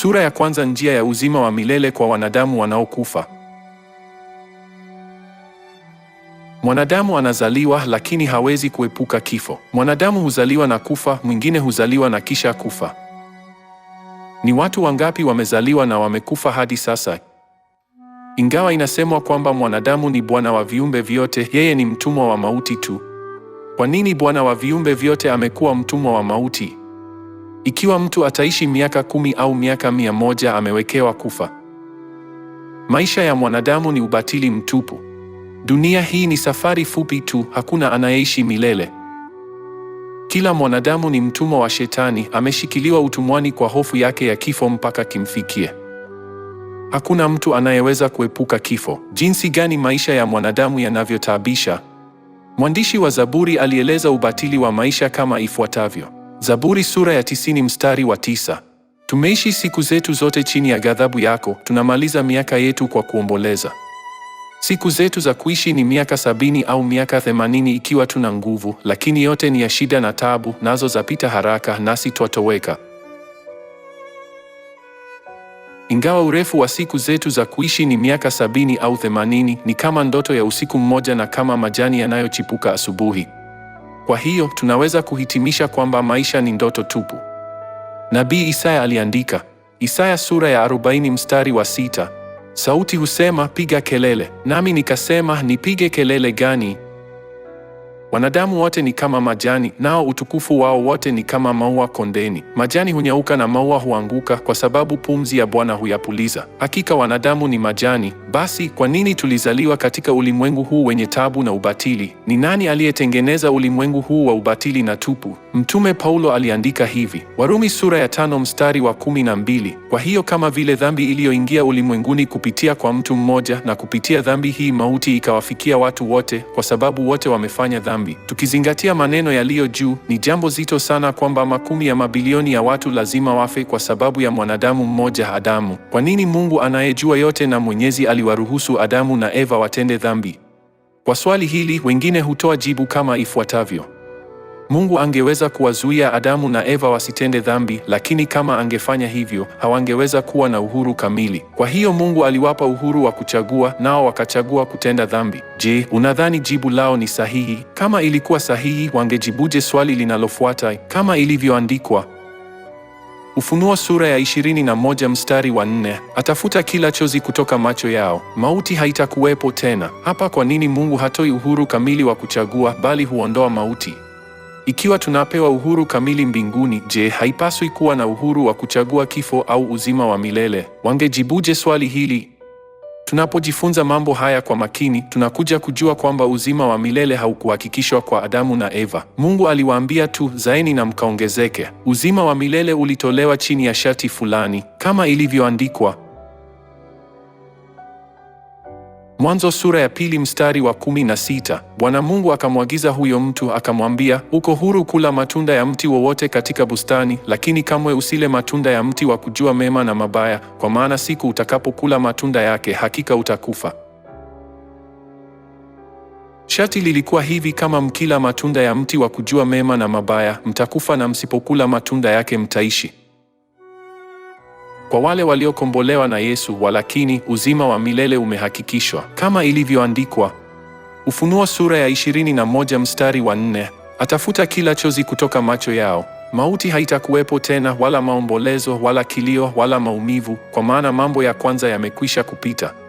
Sura ya kwanza: njia ya uzima wa milele kwa wanadamu wanaokufa. Mwanadamu anazaliwa lakini hawezi kuepuka kifo. Mwanadamu huzaliwa na kufa, mwingine huzaliwa na kisha kufa. Ni watu wangapi wamezaliwa na wamekufa hadi sasa? Ingawa inasemwa kwamba mwanadamu ni bwana wa viumbe vyote, yeye ni mtumwa wa mauti tu. Kwa nini bwana wa viumbe vyote amekuwa mtumwa wa mauti? Ikiwa mtu ataishi miaka kumi au miaka mia moja amewekewa kufa. Maisha ya mwanadamu ni ubatili mtupu. Dunia hii ni safari fupi tu, hakuna anayeishi milele. Kila mwanadamu ni mtumwa wa Shetani, ameshikiliwa utumwani kwa hofu yake ya kifo mpaka kimfikie. Hakuna mtu anayeweza kuepuka kifo. Jinsi gani maisha ya mwanadamu yanavyotaabisha! Mwandishi wa Zaburi alieleza ubatili wa maisha kama ifuatavyo: Zaburi sura ya tisini mstari wa tisa. Tumeishi siku zetu zote chini ya ghadhabu yako, tunamaliza miaka yetu kwa kuomboleza. Siku zetu za kuishi ni miaka sabini au miaka themanini ikiwa tuna nguvu, lakini yote ni ya shida na tabu nazo zapita haraka, nasi twatoweka. Ingawa urefu wa siku zetu za kuishi ni miaka sabini au themanini, ni kama ndoto ya usiku mmoja na kama majani yanayochipuka asubuhi. Kwa hiyo tunaweza kuhitimisha kwamba maisha ni ndoto tupu. Nabii Isaya aliandika, Isaya sura ya 40 mstari wa sita, sauti husema piga kelele, nami nikasema nipige kelele gani? Wanadamu wote ni kama majani, nao utukufu wao wote ni kama maua kondeni. Majani hunyauka na maua huanguka, kwa sababu pumzi ya Bwana huyapuliza. Hakika wanadamu ni majani. Basi kwa nini tulizaliwa katika ulimwengu huu wenye tabu na ubatili? Ni nani aliyetengeneza ulimwengu huu wa ubatili na tupu? Mtume Paulo aliandika hivi, Warumi sura ya tano mstari wa kumi na mbili, kwa hiyo kama vile dhambi iliyoingia ulimwenguni kupitia kwa mtu mmoja, na kupitia dhambi hii mauti ikawafikia watu wote, kwa sababu wote wamefanya dhambi. Tukizingatia maneno yaliyo juu, ni jambo zito sana kwamba makumi ya mabilioni ya watu lazima wafe kwa sababu ya mwanadamu mmoja Adamu. Kwa nini Mungu anayejua yote na Mwenyezi aliwaruhusu Adamu na Eva watende dhambi? Kwa swali hili wengine hutoa jibu kama ifuatavyo. Mungu angeweza kuwazuia Adamu na Eva wasitende dhambi, lakini kama angefanya hivyo, hawangeweza kuwa na uhuru kamili. Kwa hiyo Mungu aliwapa uhuru wa kuchagua, nao wakachagua kutenda dhambi. Je, unadhani jibu lao ni sahihi? Kama ilikuwa sahihi, wangejibuje swali linalofuata kama ilivyoandikwa? Ufunuo sura ya 21 mstari wa 4, atafuta kila chozi kutoka macho yao, mauti haitakuwepo tena. Hapa kwa nini Mungu hatoi uhuru kamili wa kuchagua, bali huondoa mauti? Ikiwa tunapewa uhuru kamili mbinguni, je, haipaswi kuwa na uhuru wa kuchagua kifo au uzima wa milele? Wangejibuje swali hili? Tunapojifunza mambo haya kwa makini, tunakuja kujua kwamba uzima wa milele haukuhakikishwa kwa Adamu na Eva. Mungu aliwaambia tu, zaeni na mkaongezeke. Uzima wa milele ulitolewa chini ya sharti fulani, kama ilivyoandikwa Mwanzo sura ya pili mstari wa kumi na sita. Bwana Mungu akamwagiza huyo mtu akamwambia, uko huru kula matunda ya mti wowote katika bustani, lakini kamwe usile matunda ya mti wa kujua mema na mabaya, kwa maana siku utakapokula matunda yake hakika utakufa. Shati lilikuwa hivi, kama mkila matunda ya mti wa kujua mema na mabaya mtakufa, na msipokula matunda yake mtaishi. Kwa wale waliokombolewa na Yesu walakini uzima wa milele umehakikishwa kama ilivyoandikwa Ufunuo sura ya 21 mstari wa 4, atafuta kila chozi kutoka macho yao, mauti haitakuwepo tena, wala maombolezo, wala kilio, wala maumivu, kwa maana mambo ya kwanza yamekwisha kupita.